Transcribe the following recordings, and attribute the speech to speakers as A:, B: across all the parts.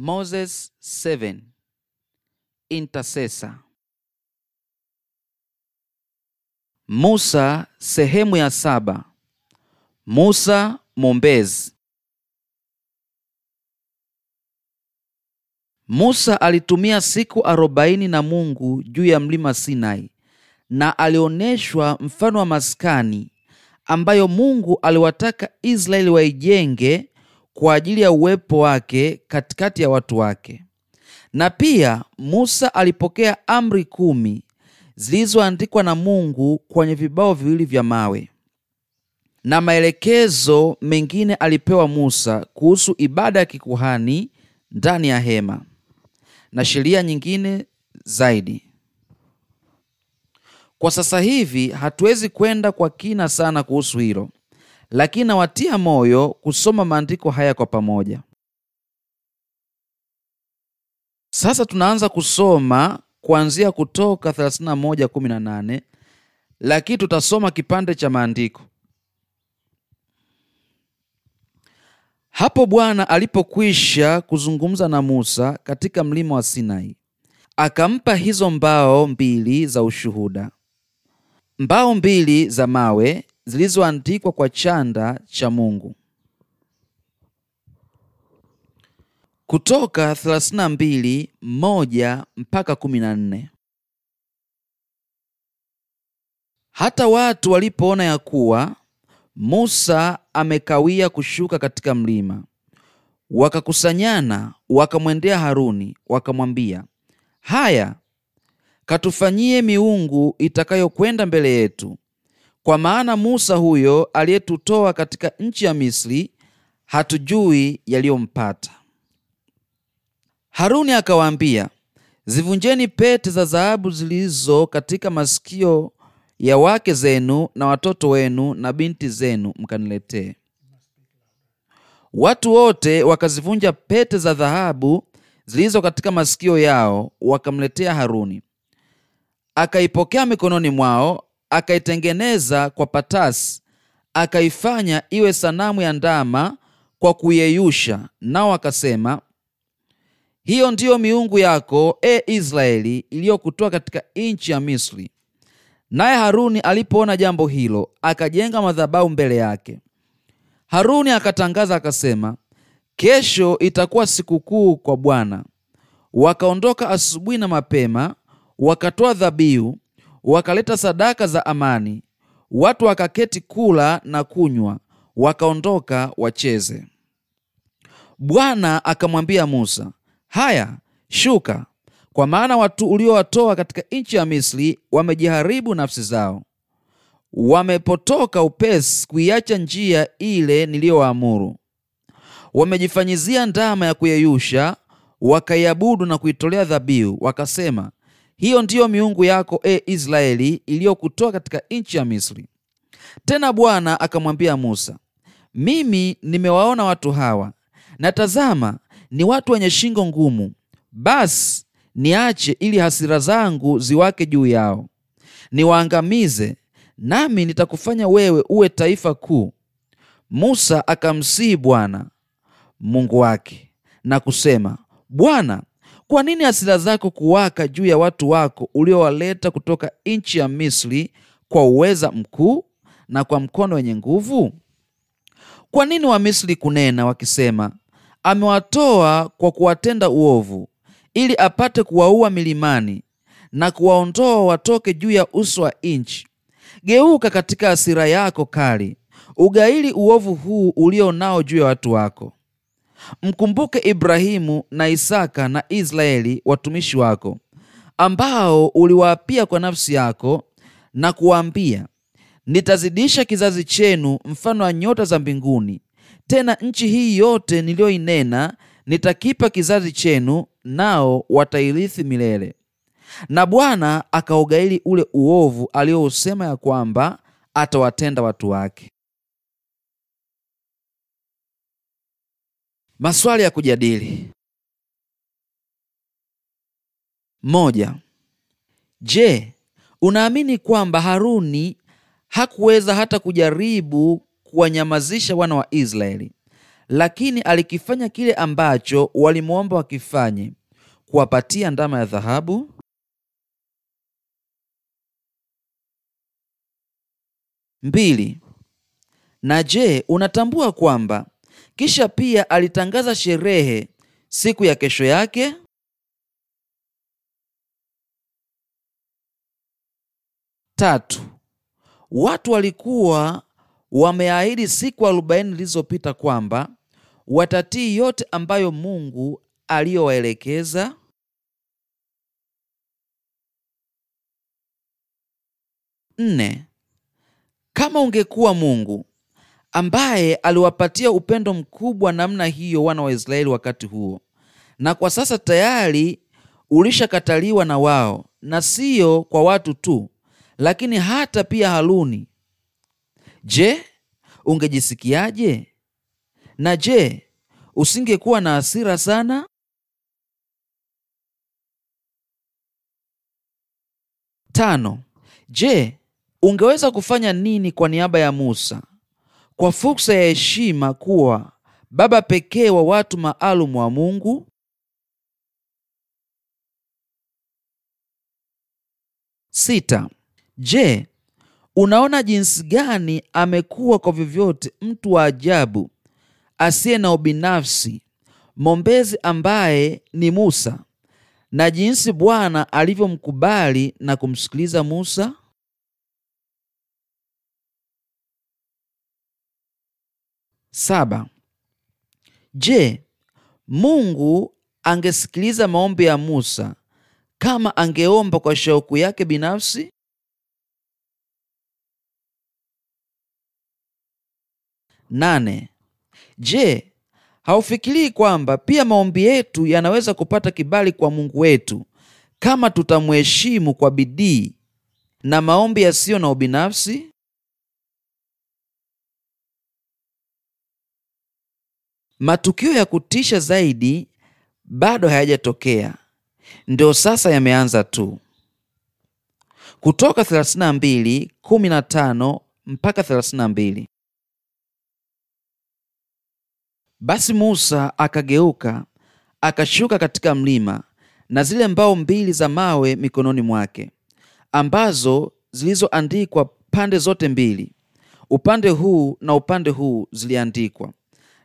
A: Moses 7 Intercessor. Musa sehemu ya saba. Musa mwombezi. Musa alitumia siku arobaini na Mungu juu ya mlima Sinai na alioneshwa mfano wa maskani ambayo Mungu aliwataka Israeli waijenge kwa ajili ya uwepo wake katikati ya watu wake. Na pia Musa alipokea amri kumi zilizoandikwa na Mungu kwenye vibao viwili vya mawe. Na maelekezo mengine alipewa Musa kuhusu ibada ya kikuhani ndani ya hema na sheria nyingine zaidi. Kwa sasa hivi hatuwezi kwenda kwa kina sana kuhusu hilo, lakini nawatia moyo kusoma maandiko haya kwa pamoja. Sasa tunaanza kusoma kuanzia Kutoka 31:18 lakini tutasoma kipande cha maandiko. Hapo Bwana alipokwisha kuzungumza na Musa katika mlima wa Sinai, akampa hizo mbao mbili za ushuhuda, mbao mbili za mawe zilizoandikwa kwa chanda cha Mungu. Kutoka 32 moja mpaka 14. Hata watu walipoona ya kuwa Musa amekawia kushuka katika mlima, wakakusanyana wakamwendea Haruni wakamwambia, haya, katufanyie miungu itakayokwenda mbele yetu, kwa maana Musa huyo aliyetutoa katika nchi ya Misri hatujui yaliyompata. Haruni akawaambia, zivunjeni pete za dhahabu zilizo katika masikio ya wake zenu na watoto wenu na binti zenu, mkaniletee. Watu wote wakazivunja pete za dhahabu zilizo katika masikio yao, wakamletea Haruni. Akaipokea mikononi mwao akaitengeneza kwa patasi, akaifanya iwe sanamu ya ndama kwa kuyeyusha. Nao akasema, hiyo ndiyo miungu yako, e Israeli, iliyokutoa katika nchi ya Misri. Naye Haruni alipoona jambo hilo, akajenga madhabau mbele yake. Haruni akatangaza akasema, kesho itakuwa sikukuu kwa Bwana. Wakaondoka asubuhi na mapema, wakatoa dhabihu wakaleta sadaka za amani, watu wakaketi kula na kunywa, wakaondoka wacheze. Bwana akamwambia Musa, haya, shuka, kwa maana watu uliowatoa katika nchi ya Misri wamejiharibu nafsi zao, wamepotoka upesi kuiacha njia ile niliyowaamuru, wamejifanyizia ndama ya kuyeyusha, wakaiabudu na kuitolea dhabihu, wakasema hiyo ndiyo miungu yako, e Israeli, iliyokutoa katika nchi ya Misri. Tena Bwana akamwambia Musa, mimi nimewaona watu hawa, na tazama, ni watu wenye shingo ngumu. Basi niache ili hasira zangu ziwake juu yao, niwaangamize, nami nitakufanya wewe uwe taifa kuu. Musa akamsihi Bwana Mungu wake na kusema, Bwana kwa nini hasira zako kuwaka juu ya watu wako uliowaleta kutoka nchi ya Misri kwa uweza mkuu na kwa mkono wenye nguvu? Kwa nini Wamisri kunena wakisema, amewatoa kwa kuwatenda uovu, ili apate kuwaua milimani na kuwaondoa watoke juu ya uso wa nchi? Geuka katika asira yako kali, ugaili uovu huu ulio nao juu ya watu wako. Mkumbuke Ibrahimu na Isaka na Israeli watumishi wako, ambao uliwaapia kwa nafsi yako na kuwaambia, nitazidisha kizazi chenu mfano wa nyota za mbinguni. Tena nchi hii yote niliyoinena nitakipa kizazi chenu, nao watairithi milele. Na Bwana akaugaili ule uovu aliousema ya kwamba atawatenda watu wake. Maswali ya kujadili: moja. Je, unaamini kwamba Haruni hakuweza hata kujaribu kuwanyamazisha wana wa Israeli, lakini alikifanya kile ambacho walimwomba wakifanye, kuwapatia ndama ya dhahabu? Mbili. Na je, unatambua kwamba kisha pia alitangaza sherehe siku ya kesho yake tatu. Watu walikuwa wameahidi siku arobaini zilizopita kwamba watatii yote ambayo Mungu aliyowaelekeza. Nne, kama ungekuwa Mungu ambaye aliwapatia upendo mkubwa namna hiyo wana wa Israeli wakati huo, na kwa sasa tayari ulishakataliwa na wao, na siyo kwa watu tu, lakini hata pia Haruni. Je, ungejisikiaje? Na je, usingekuwa na hasira sana? Tano. Je, ungeweza kufanya nini kwa niaba ya Musa? kwa fursa ya heshima kuwa baba pekee wa watu maalum wa Mungu. Sita. Je, unaona jinsi gani amekuwa kwa vyovyote mtu wa ajabu asiye na ubinafsi, mombezi ambaye ni Musa, na jinsi Bwana alivyomkubali na kumsikiliza Musa? Saba. Je, Mungu angesikiliza maombi ya Musa kama angeomba kwa shauku yake binafsi? Nane. Je, haufikirii kwamba pia maombi yetu yanaweza kupata kibali kwa Mungu wetu kama tutamuheshimu kwa bidii na maombi yasiyo na ubinafsi? Matukio ya kutisha zaidi bado hayajatokea, ndio sasa yameanza tu. Kutoka 32:15 mpaka 32. Basi Musa akageuka akashuka katika mlima na zile mbao mbili za mawe mikononi mwake, ambazo zilizoandikwa pande zote mbili, upande huu na upande huu ziliandikwa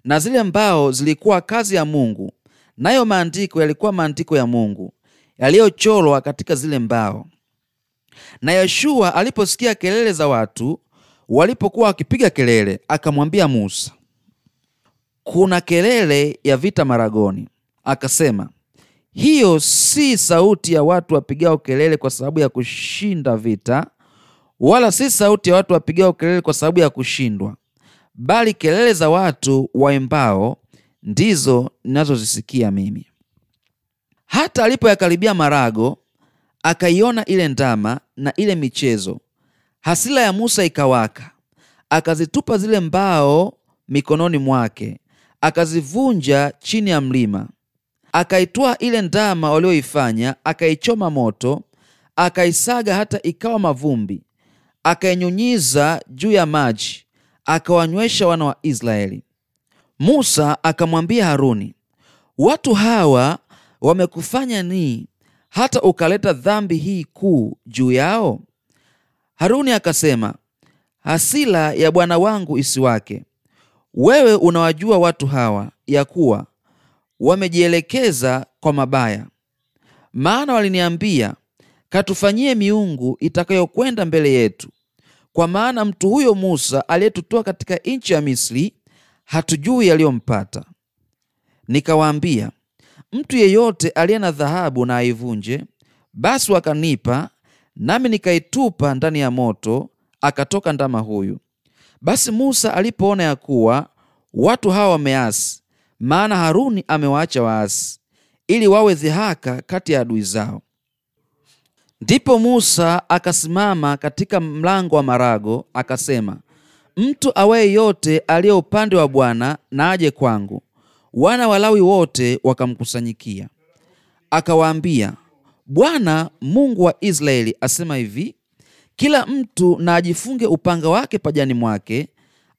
A: na zile mbao zilikuwa kazi ya Mungu, nayo maandiko yalikuwa maandiko ya Mungu yaliyocholwa katika zile mbao. Na Yoshua aliposikia kelele za watu walipokuwa wakipiga kelele, akamwambia Musa, kuna kelele ya vita maragoni. Akasema, hiyo si sauti ya watu wapigao kelele kwa sababu ya kushinda vita, wala si sauti ya watu wapigao kelele kwa sababu ya kushindwa, bali kelele za watu waimbao ndizo ninazozisikia mimi. Hata alipoyakaribia marago, akaiona ile ndama na ile michezo, hasila ya Musa ikawaka, akazitupa zile mbao mikononi mwake, akazivunja chini ya mlima. Akaitwaa ile ndama walioifanya, akaichoma moto, akaisaga hata ikawa mavumbi, akainyunyiza juu ya maji akawanywesha wana wa Israeli. Musa akamwambia Haruni, watu hawa wamekufanya nii hata ukaleta dhambi hii kuu juu yao? Haruni akasema, hasila ya bwana wangu isiwake. Wewe unawajua watu hawa ya kuwa wamejielekeza kwa mabaya, maana waliniambia, katufanyie miungu itakayokwenda mbele yetu, kwa maana mtu huyo Musa aliyetutoa katika nchi ya Misri, hatujui yaliyompata. Nikawaambia, mtu yeyote aliye na dhahabu na aivunje. Basi wakanipa, nami nikaitupa ndani ya moto, akatoka ndama huyu. Basi Musa alipoona ya kuwa watu hawa wameasi, maana Haruni amewaacha waasi, ili wawe dhihaka kati ya adui zao, Ndipo Musa akasimama katika mlango wa marago akasema, mtu aweye yote aliye upande wa Bwana na aje kwangu. Wana walawi wote wakamkusanyikia. Akawaambia, Bwana Mungu wa Israeli asema hivi, kila mtu na ajifunge upanga wake pajani mwake,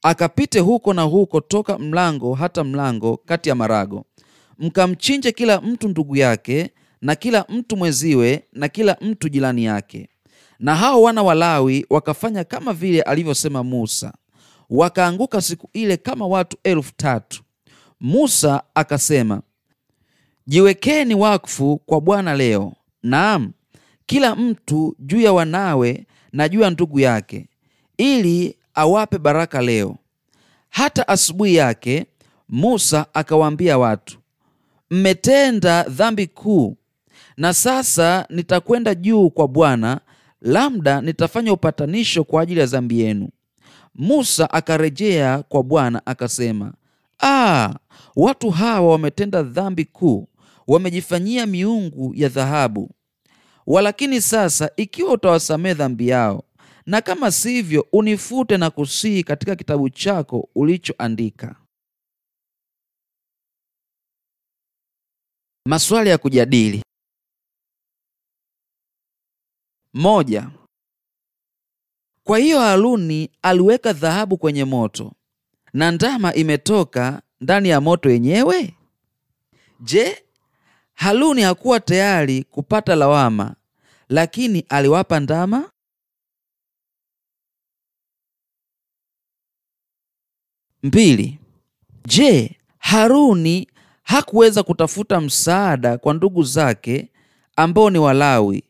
A: akapite huko na huko toka mlango hata mlango kati ya marago, mkamchinje kila mtu ndugu yake na kila mtu mweziwe na kila mtu jirani yake. Na hao wana wa Lawi wakafanya kama vile alivyosema Musa, wakaanguka siku ile kama watu elfu tatu. Musa akasema, jiwekeni wakfu kwa Bwana leo, naam kila mtu juu ya wanawe na juu ya ndugu yake, ili awape baraka leo. Hata asubuhi yake Musa akawaambia watu, mmetenda dhambi kuu na sasa nitakwenda juu kwa Bwana, labda nitafanya upatanisho kwa ajili ya zambi yenu. Musa akarejea kwa Bwana akasema, ah, watu hawa wametenda dhambi kuu, wamejifanyia miungu ya dhahabu. Walakini sasa ikiwa utawasamehe dhambi yao, na kama sivyo, unifute na kusihi katika kitabu chako ulichoandika. Maswali ya kujadili. Moja. Kwa hiyo Haruni aliweka dhahabu kwenye moto na ndama imetoka ndani ya moto yenyewe. Je, Haruni hakuwa tayari kupata lawama, lakini aliwapa ndama? Mbili. Je, Haruni hakuweza kutafuta msaada kwa ndugu zake ambao ni Walawi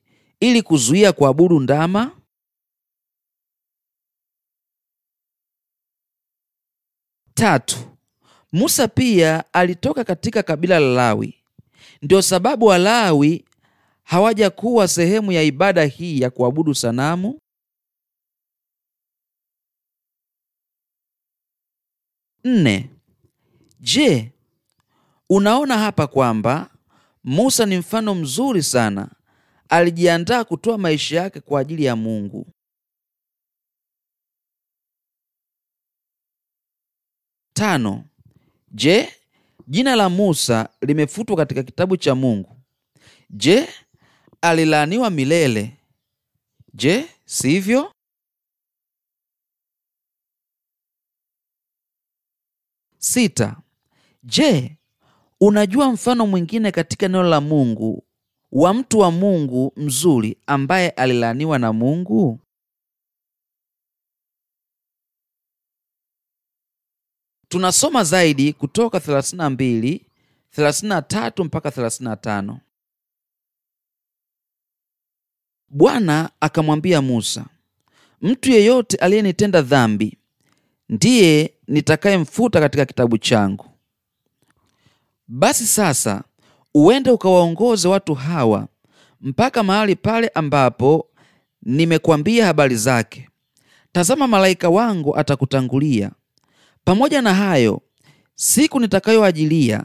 A: ili kuzuia kuabudu ndama Tatu, Musa pia alitoka katika kabila la Lawi. Ndio sababu Walawi hawajakuwa sehemu ya ibada hii ya kuabudu sanamu nne. Je, unaona hapa kwamba Musa ni mfano mzuri sana alijiandaa kutoa maisha yake kwa ajili ya Mungu. Tano. Je, jina la Musa limefutwa katika kitabu cha Mungu? Je, alilaaniwa milele? Je, sivyo? Sita. Je, unajua mfano mwingine katika neno la Mungu wa mtu wa Mungu mzuri ambaye alilaniwa na Mungu? Tunasoma zaidi kutoka 32, 33 mpaka 35. Bwana akamwambia Musa, mtu yeyote aliyenitenda dhambi ndiye nitakayemfuta katika kitabu changu. Basi sasa uende ukawaongoze watu hawa mpaka mahali pale ambapo nimekwambia habari zake. Tazama, malaika wangu atakutangulia. Pamoja na hayo, siku nitakayoajilia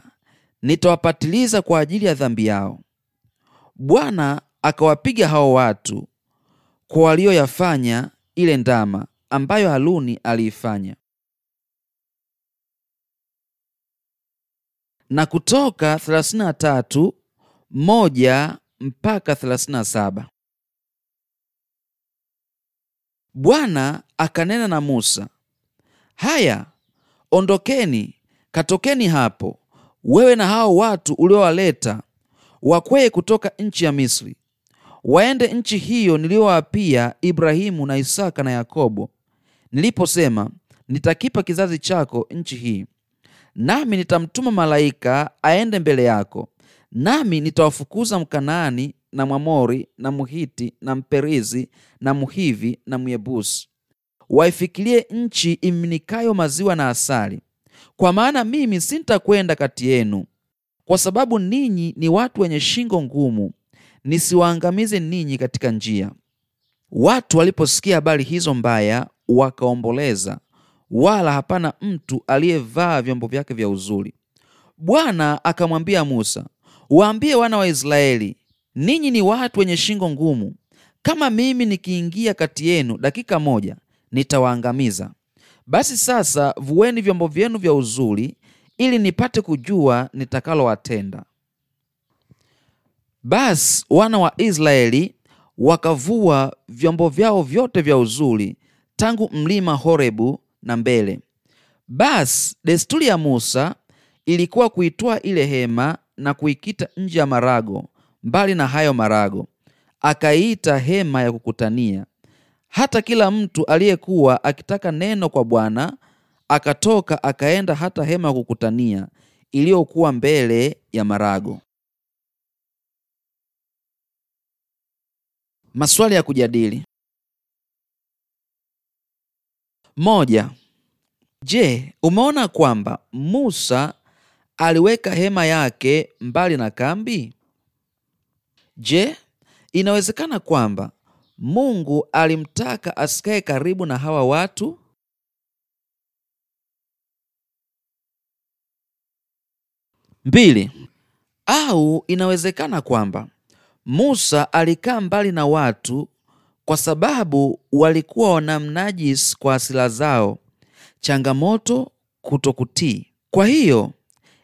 A: nitawapatiliza kwa ajili ya dhambi yao. Bwana akawapiga hao watu kwa walioyafanya ile ndama ambayo Haruni aliifanya. na kutoka 33 moja mpaka 37. Bwana akanena na Musa, haya, ondokeni, katokeni hapo, wewe na hao watu uliowaleta wakweye kutoka nchi ya Misri, waende nchi hiyo niliyowapia Ibrahimu na Isaka na Yakobo, niliposema nitakipa kizazi chako nchi hii nami nitamtuma malaika aende mbele yako, nami nitawafukuza Mkanaani na Mwamori na Mhiti na Mperizi na Mhivi na Myebusi, waifikilie nchi iminikayo maziwa na asali, kwa maana mimi sintakwenda kati yenu, kwa sababu ninyi ni watu wenye shingo ngumu, nisiwaangamize ninyi katika njia. Watu waliposikia habari hizo mbaya wakaomboleza wala hapana mtu aliyevaa vyombo vyake vya uzuri. Bwana akamwambia Musa, waambie wana wa Israeli, ninyi ni watu wenye shingo ngumu. Kama mimi nikiingia kati yenu dakika moja, nitawaangamiza. Basi sasa vueni vyombo vyenu vya uzuri, ili nipate kujua nitakalowatenda. Basi wana wa Israeli wakavua vyombo vyao vyote vya uzuri tangu mlima Horebu na mbele. Basi desturi ya Musa ilikuwa kuitwa ile hema na kuikita nje ya marago. Mbali na hayo marago, akaiita hema ya kukutania. Hata kila mtu aliyekuwa akitaka neno kwa Bwana akatoka akaenda hata hema ya kukutania iliyokuwa mbele ya marago. Maswali ya kujadili. Moja, je, umeona kwamba Musa aliweka hema yake mbali na kambi? Je, inawezekana kwamba Mungu alimtaka asikae karibu na hawa watu? Mbili, au inawezekana kwamba Musa alikaa mbali na watu kwa sababu walikuwa wanamnajis kwa asila zao, changamoto kutokutii. Kwa hiyo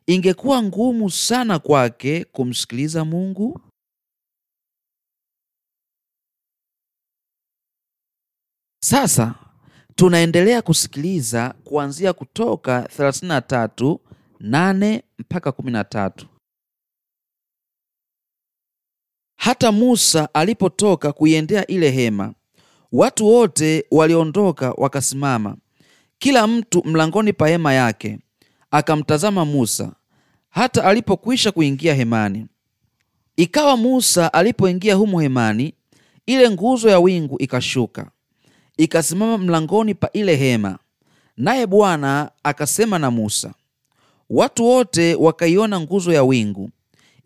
A: ingekuwa ngumu sana kwake kumsikiliza Mungu. Sasa tunaendelea kusikiliza kuanzia Kutoka 33:8 mpaka 13. Hata Musa alipotoka kuiendea ile hema, watu wote waliondoka wakasimama, kila mtu mlangoni pa hema yake, akamtazama Musa hata alipokwisha kuingia hemani. Ikawa Musa alipoingia humo hemani, ile nguzo ya wingu ikashuka ikasimama mlangoni pa ile hema, naye Bwana akasema na Musa. Watu wote wakaiona nguzo ya wingu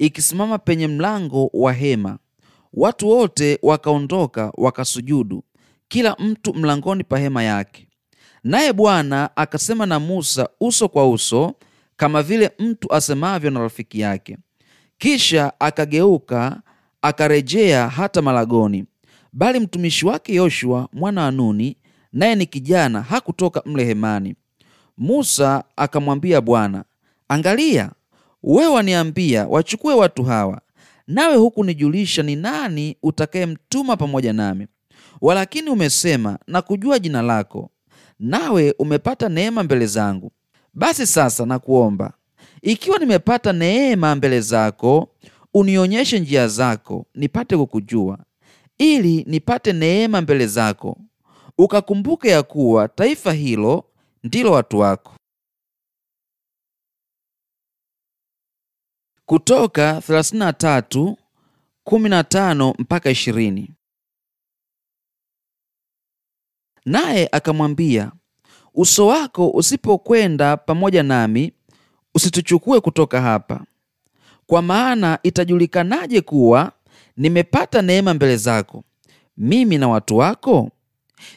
A: ikisimama penye mlango wa hema. Watu wote wakaondoka wakasujudu, kila mtu mlangoni pa hema yake. Naye Bwana akasema na Musa uso kwa uso, kama vile mtu asemavyo na rafiki yake. Kisha akageuka akarejea hata Malagoni, bali mtumishi wake Yoshua mwana wa Nuni, naye ni kijana, hakutoka mle hemani. Musa akamwambia Bwana, angalia, wewe waniambia wachukue watu hawa, nawe hukunijulisha ni nani utakayemtuma pamoja nami. Walakini umesema na kujua jina lako, nawe umepata neema mbele zangu. Basi sasa nakuomba, ikiwa nimepata neema mbele zako, unionyeshe njia zako, nipate kukujua, ili nipate neema mbele zako, ukakumbuke ya kuwa taifa hilo ndilo watu wako. Kutoka 33 mpaka 20. Naye akamwambia, uso wako usipokwenda pamoja nami, usituchukue kutoka hapa. Kwa maana itajulikanaje kuwa nimepata neema mbele zako, mimi na watu wako?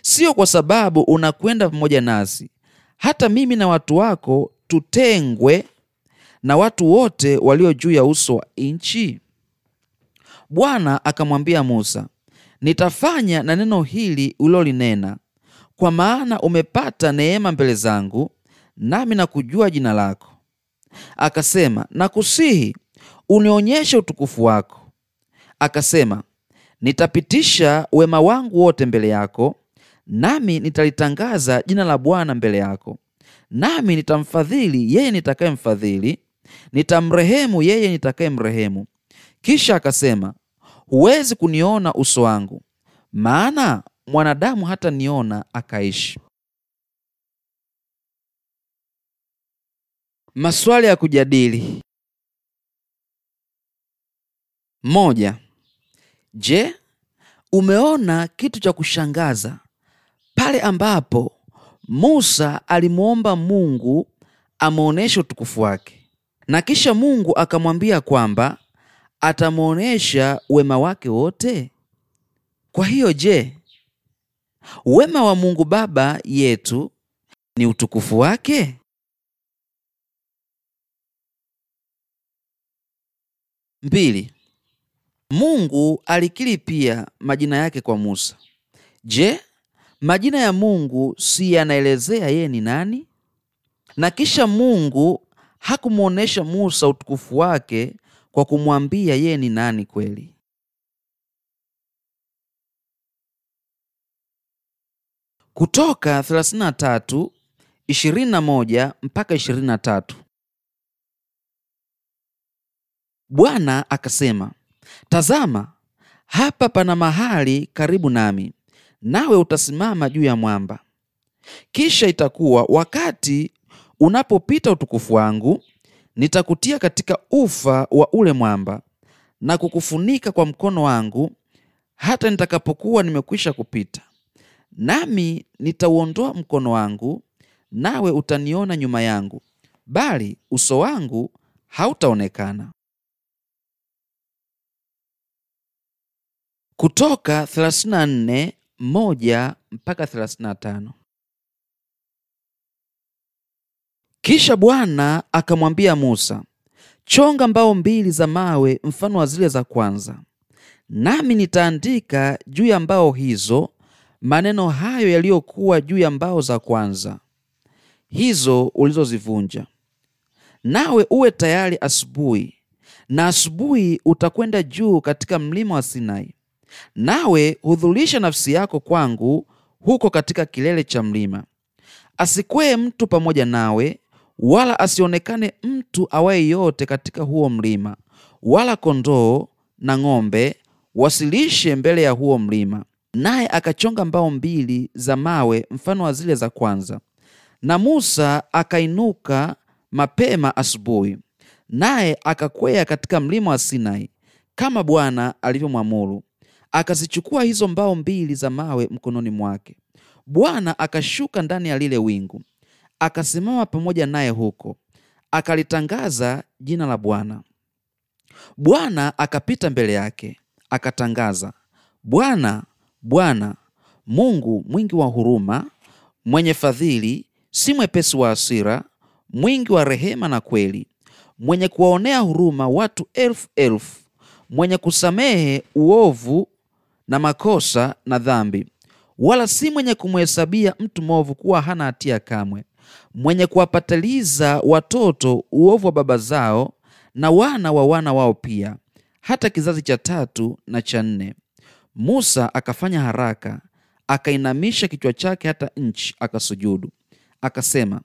A: Sio kwa sababu unakwenda pamoja nasi, hata mimi na watu wako tutengwe na watu wote walio juu ya uso wa nchi? Bwana akamwambia Musa, nitafanya na neno hili ulilolinena, kwa maana umepata neema mbele zangu, nami nakujua jina lako. Akasema, nakusihi unionyeshe utukufu wako. Akasema, nitapitisha wema wangu wote mbele yako, nami nitalitangaza jina la Bwana mbele yako, nami nitamfadhili yeye nitakayemfadhili, nitamrehemu yeye nitakayemrehemu. Kisha akasema, huwezi kuniona uso wangu, maana mwanadamu hata niona akaishi. Maswali ya kujadili: moja. Je, umeona kitu cha kushangaza pale ambapo Musa alimwomba Mungu amwonyeshe utukufu wake? Na kisha Mungu akamwambia kwamba atamwonyesha wema wake wote. Kwa hiyo je, wema wa Mungu Baba yetu ni utukufu wake? Mbili, Mungu alikili pia majina yake kwa Musa. Je, majina ya Mungu si yanaelezea yeye ni nani? Na kisha Mungu hakumwonyesha Musa utukufu wake kwa kumwambia yeye ni nani kweli. Kutoka 33 21 mpaka 23. Bwana akasema, tazama hapa pana mahali karibu nami, nawe utasimama juu ya mwamba. Kisha itakuwa wakati Unapopita utukufu wangu, nitakutia katika ufa wa ule mwamba na kukufunika kwa mkono wangu hata nitakapokuwa nimekwisha kupita. Nami nitauondoa mkono wangu, nawe utaniona nyuma yangu, bali uso wangu hautaonekana. Kutoka 34 moja mpaka 35. Kisha Bwana akamwambia Musa, chonga mbao mbili za mawe mfano wa zile za kwanza, nami nitaandika juu ya mbao hizo maneno hayo yaliyokuwa juu ya mbao za kwanza hizo ulizozivunja. Nawe uwe tayari asubuhi, na asubuhi utakwenda juu katika mlima wa Sinai, nawe hudhulisha nafsi yako kwangu huko katika kilele cha mlima. Asikwee mtu pamoja nawe, wala asionekane mtu awaye yote katika huo mlima, wala kondoo na ng'ombe wasilishe mbele ya huo mlima. Naye akachonga mbao mbili za mawe mfano wa zile za kwanza. Na Musa akainuka mapema asubuhi, naye akakwea katika mlima wa Sinai kama Bwana alivyomwamuru, akazichukua hizo mbao mbili za mawe mkononi mwake. Bwana akashuka ndani ya lile wingu akasimama pamoja naye huko, akalitangaza jina la Bwana. Bwana akapita mbele yake, akatangaza, Bwana, Bwana Mungu mwingi wa huruma, mwenye fadhili, si mwepesi wa asira mwingi wa rehema na kweli, mwenye kuwaonea huruma watu elfu elfu, mwenye kusamehe uovu na makosa na dhambi, wala si mwenye kumuhesabia mtu movu kuwa hana hatia kamwe mwenye kuwapatiliza watoto uovu wa baba zao na wana wa wana wao pia, hata kizazi cha tatu na cha nne. Musa akafanya haraka, akainamisha kichwa chake hata nchi, akasujudu, akasema,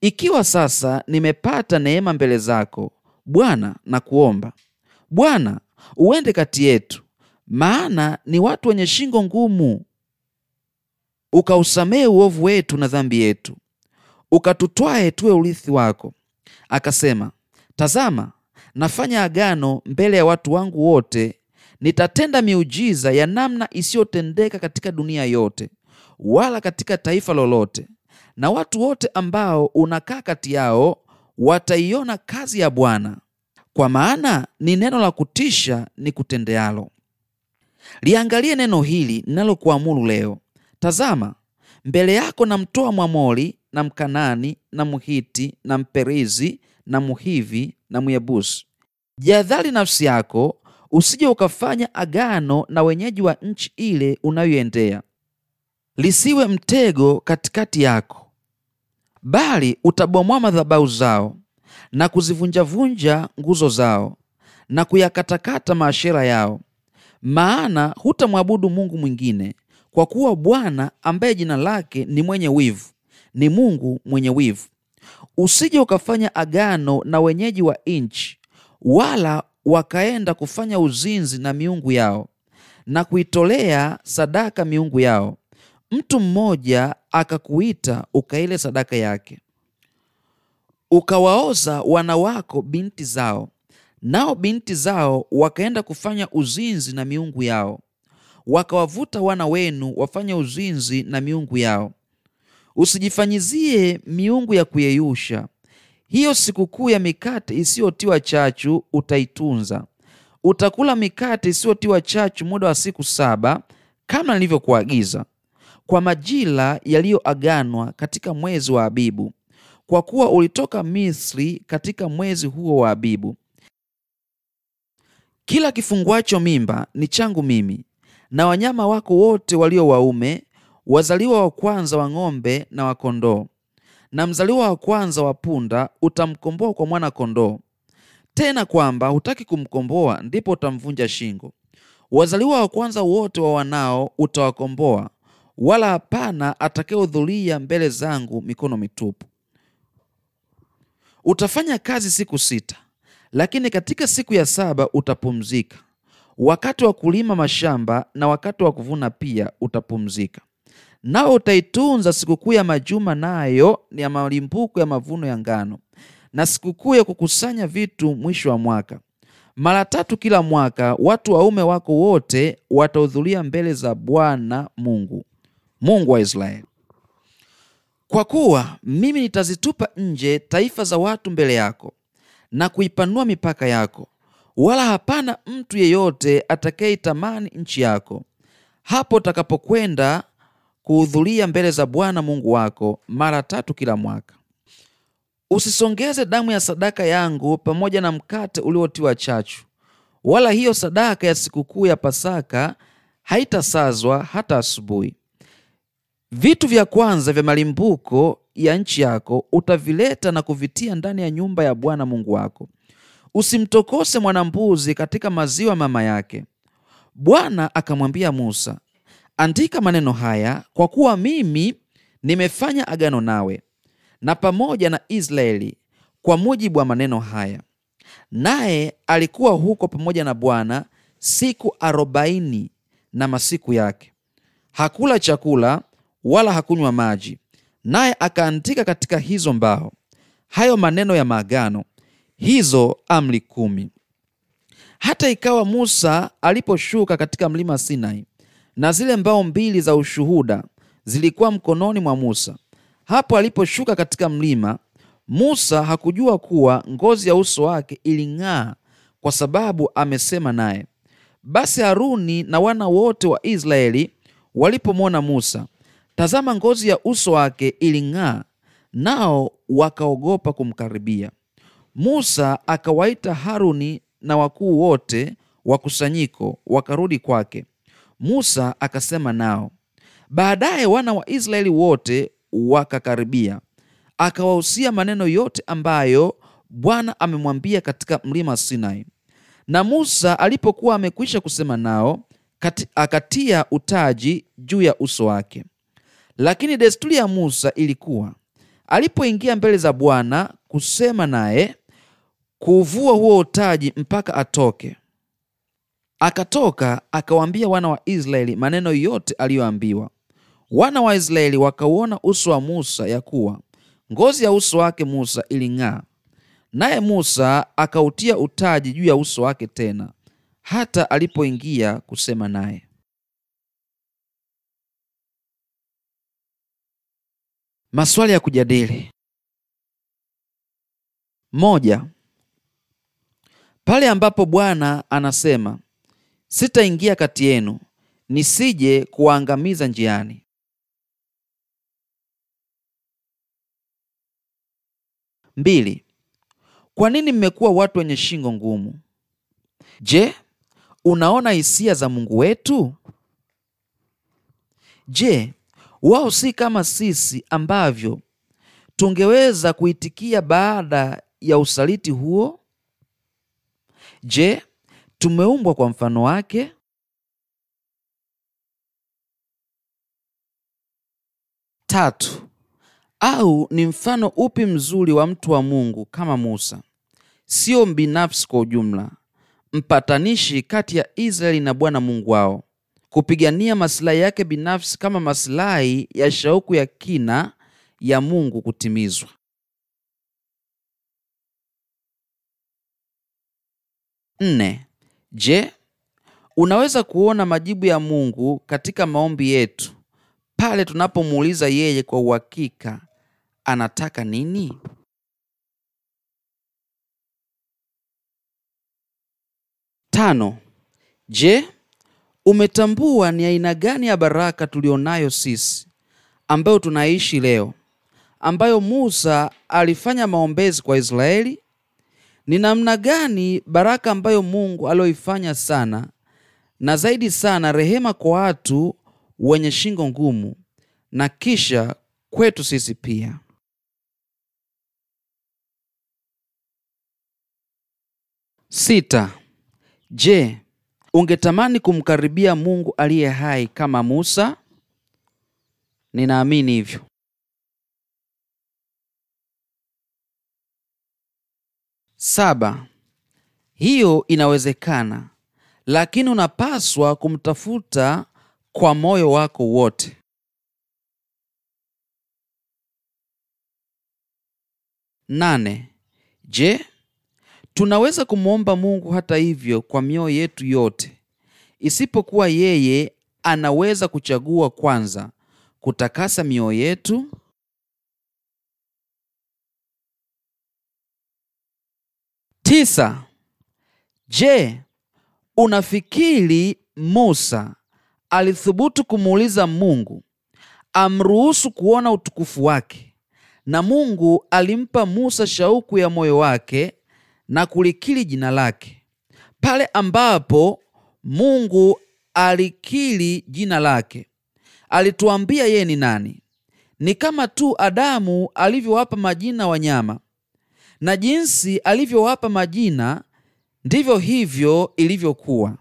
A: ikiwa sasa nimepata neema mbele zako Bwana, na kuomba Bwana uende kati yetu, maana ni watu wenye shingo ngumu, ukausamehe uovu wetu na dhambi yetu ukatutwae tuwe urithi wako. Akasema, tazama, nafanya agano mbele ya watu wangu wote, nitatenda miujiza ya namna isiyotendeka katika dunia yote, wala katika taifa lolote, na watu wote ambao unakaa kati yao wataiona kazi ya Bwana, kwa maana ni neno la kutisha ni kutendealo. Liangalie neno hili ninalokuamulu leo. Tazama, mbele yako namtoa mwamoli na Mkanani na Mhiti na Mperizi na Mhivi na Myebusi. jadhali nafsi yako usije ukafanya agano na wenyeji wa nchi ile unayoendea, lisiwe mtego katikati yako, bali utabomoa madhabau zao na kuzivunjavunja nguzo zao na kuyakatakata maashera yao, maana hutamwabudu Mungu mwingine, kwa kuwa Bwana ambaye jina lake ni mwenye wivu ni Mungu mwenye wivu. Usije ukafanya agano na wenyeji wa nchi, wala wakaenda kufanya uzinzi na miungu yao na kuitolea sadaka miungu yao, mtu mmoja akakuita ukaile sadaka yake. Ukawaoza wana wako binti zao, nao binti zao wakaenda kufanya uzinzi na miungu yao, wakawavuta wana wenu wafanye uzinzi na miungu yao Usijifanyizie miungu ya kuyeyusha. Hiyo sikukuu ya mikate isiyotiwa chachu utaitunza. Utakula mikate isiyotiwa chachu muda wa siku saba kama nilivyokuagiza, kwa majila yaliyoaganwa katika mwezi wa Abibu, kwa kuwa ulitoka Misri katika mwezi huo wa Abibu. Kila kifunguacho mimba ni changu mimi, na wanyama wako wote walio waume wazaliwa wa kwanza wa ng'ombe na wa kondoo, na mzaliwa wa kwanza wa punda utamkomboa kwa mwana kondoo. Tena kwamba hutaki kumkomboa, ndipo utamvunja shingo. Wazaliwa wa kwanza wote wa wanao utawakomboa, wala hapana atakayehudhuria mbele zangu mikono mitupu. Utafanya kazi siku sita, lakini katika siku ya saba utapumzika. Wakati wa kulima mashamba na wakati wa kuvuna pia utapumzika nao utaitunza sikukuu ya majuma, nayo ni ya malimbuko ya mavuno ya ngano, na sikukuu ya kukusanya vitu mwisho wa mwaka. Mara tatu kila mwaka watu waume wako wote watahudhuria mbele za Bwana Mungu, Mungu wa Israeli, kwa kuwa mimi nitazitupa nje taifa za watu mbele yako na kuipanua mipaka yako, wala hapana mtu yeyote atakayeitamani nchi yako. Hapo utakapokwenda kuhudhuria mbele za Bwana Mungu wako mara tatu kila mwaka. Usisongeze damu ya sadaka yangu pamoja na mkate uliotiwa chachu, wala hiyo sadaka ya sikukuu ya Pasaka haitasazwa hata asubuhi. Vitu vya kwanza vya malimbuko ya nchi yako utavileta na kuvitia ndani ya nyumba ya Bwana Mungu wako. Usimtokose mwanambuzi katika maziwa mama yake. Bwana akamwambia Musa, Andika maneno haya, kwa kuwa mimi nimefanya agano nawe na pamoja na Israeli kwa mujibu wa maneno haya. Naye alikuwa huko pamoja na Bwana siku arobaini na masiku yake, hakula chakula wala hakunywa maji, naye akaandika katika hizo mbao hayo maneno ya maagano, hizo amri kumi. Hata ikawa Musa aliposhuka katika mlima Sinai na zile mbao mbili za ushuhuda zilikuwa mkononi mwa Musa. Hapo aliposhuka katika mlima, Musa hakujua kuwa ngozi ya uso wake iling'aa kwa sababu amesema naye. Basi Haruni na wana wote wa Israeli walipomwona Musa, tazama, ngozi ya uso wake iling'aa, nao wakaogopa kumkaribia. Musa akawaita Haruni na wakuu wote wa kusanyiko wakarudi kwake. Musa akasema nao. Baadaye wana wa Israeli wote wakakaribia, akawahusia maneno yote ambayo Bwana amemwambia katika mlima Sinai. Na Musa alipokuwa amekwisha kusema nao, kati, akatia utaji juu ya uso wake. Lakini desturi ya Musa ilikuwa alipoingia mbele za Bwana kusema naye, kuvua huo utaji mpaka atoke. Akatoka akawaambia wana wa Israeli maneno yote aliyoambiwa. Wana wa Israeli wakauona uso wa Musa ya kuwa ngozi ya uso wake Musa iling'aa, naye Musa akautia utaji juu ya uso wake tena, hata alipoingia kusema naye. Maswali ya kujadili. Moja, pale ambapo Bwana anasema sitaingia kati yenu, nisije kuwaangamiza njiani. Mbili. Kwa nini mmekuwa watu wenye shingo ngumu? Je, unaona hisia za Mungu wetu? Je, wao si kama sisi ambavyo tungeweza kuitikia baada ya usaliti huo? Je, Tumeumbwa kwa mfano wake tatu au ni mfano upi mzuri wa mtu wa Mungu kama Musa, sio mbinafsi kwa ujumla, mpatanishi kati ya Israeli na Bwana Mungu wao, kupigania masilahi yake binafsi kama masilahi ya shauku ya kina ya Mungu kutimizwa. Nne, Je, unaweza kuona majibu ya Mungu katika maombi yetu pale tunapomuuliza yeye kwa uhakika anataka nini? Tano. Je, umetambua ni aina gani ya baraka tulionayo sisi ambayo tunaishi leo ambayo Musa alifanya maombezi kwa Israeli ni namna gani baraka ambayo Mungu aliyoifanya sana na zaidi sana rehema kwa watu wenye shingo ngumu na kisha kwetu sisi pia. Sita. Je, ungetamani kumkaribia Mungu aliye hai kama Musa? Ninaamini hivyo. Saba, hiyo inawezekana, lakini unapaswa kumtafuta kwa moyo wako wote. Nane, je, tunaweza kumwomba Mungu hata hivyo kwa mioyo yetu yote, isipokuwa yeye anaweza kuchagua kwanza kutakasa mioyo yetu tisa. Je, unafikiri Musa alithubutu kumuuliza Mungu amruhusu kuona utukufu wake, na Mungu alimpa Musa shauku ya moyo wake na kulikili jina lake? Pale ambapo Mungu alikili jina lake, alituambia yeye ni nani. Ni kama tu Adamu alivyowapa majina wanyama na jinsi alivyowapa majina ndivyo hivyo ilivyokuwa.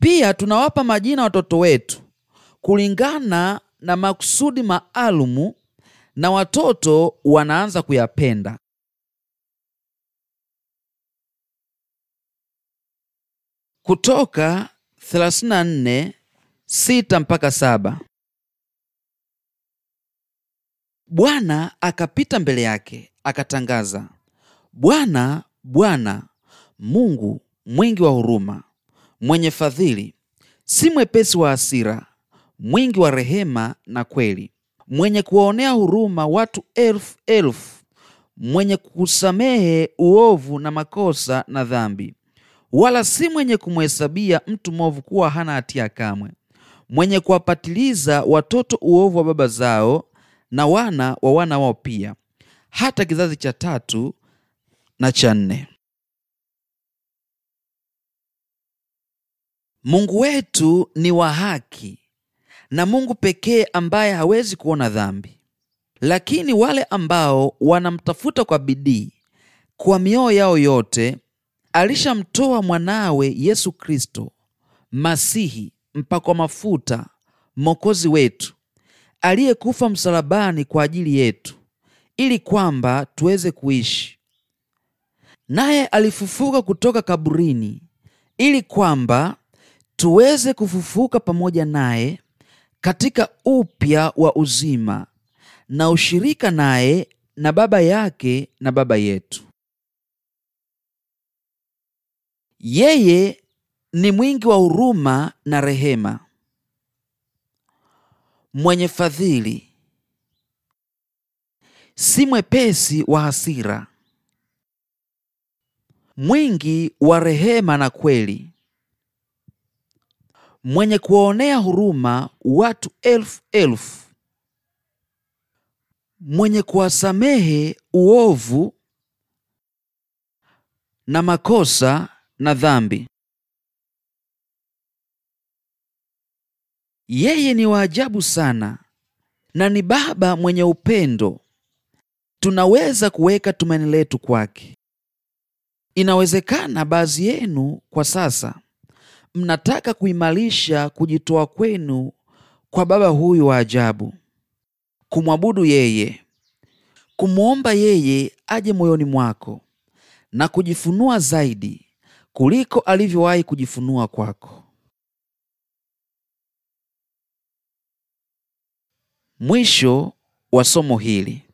A: Pia tunawapa majina watoto wetu kulingana na makusudi maalumu, na watoto wanaanza kuyapenda. Kutoka 6 mpaka 7. Bwana akapita mbele yake akatangaza, Bwana, Bwana Mungu mwingi wa huruma, mwenye fadhili, si mwepesi wa asira mwingi wa rehema na kweli, mwenye kuwaonea huruma watu elfu elfu, mwenye kusamehe uovu na makosa na dhambi, wala si mwenye kumwhesabia mtu mwovu kuwa hana hatia kamwe, mwenye kuwapatiliza watoto uovu wa baba zao na wana wa wana wao pia, hata kizazi cha tatu na cha nne. Mungu wetu ni wa haki na Mungu pekee ambaye hawezi kuona dhambi. Lakini wale ambao wanamtafuta kwa bidii kwa mioyo yao yote, alishamtoa mwanawe Yesu Kristo Masihi mpakwa mafuta, mokozi wetu aliyekufa msalabani kwa ajili yetu ili kwamba tuweze kuishi. Naye alifufuka kutoka kaburini ili kwamba tuweze kufufuka pamoja naye katika upya wa uzima na ushirika naye na Baba yake na Baba yetu. Yeye ni mwingi wa huruma na rehema mwenye fadhili, si mwepesi wa hasira, mwingi wa rehema na kweli, mwenye kuwaonea huruma watu elfu elfu, mwenye kuwasamehe uovu na makosa na dhambi. Yeye ni wa ajabu sana na ni Baba mwenye upendo. Tunaweza kuweka tumaini letu kwake. Inawezekana baadhi yenu kwa sasa mnataka kuimarisha kujitoa kwenu kwa Baba huyu wa ajabu, kumwabudu yeye, kumwomba yeye aje moyoni mwako na kujifunua zaidi kuliko alivyowahi kujifunua kwako. Mwisho wa somo hili.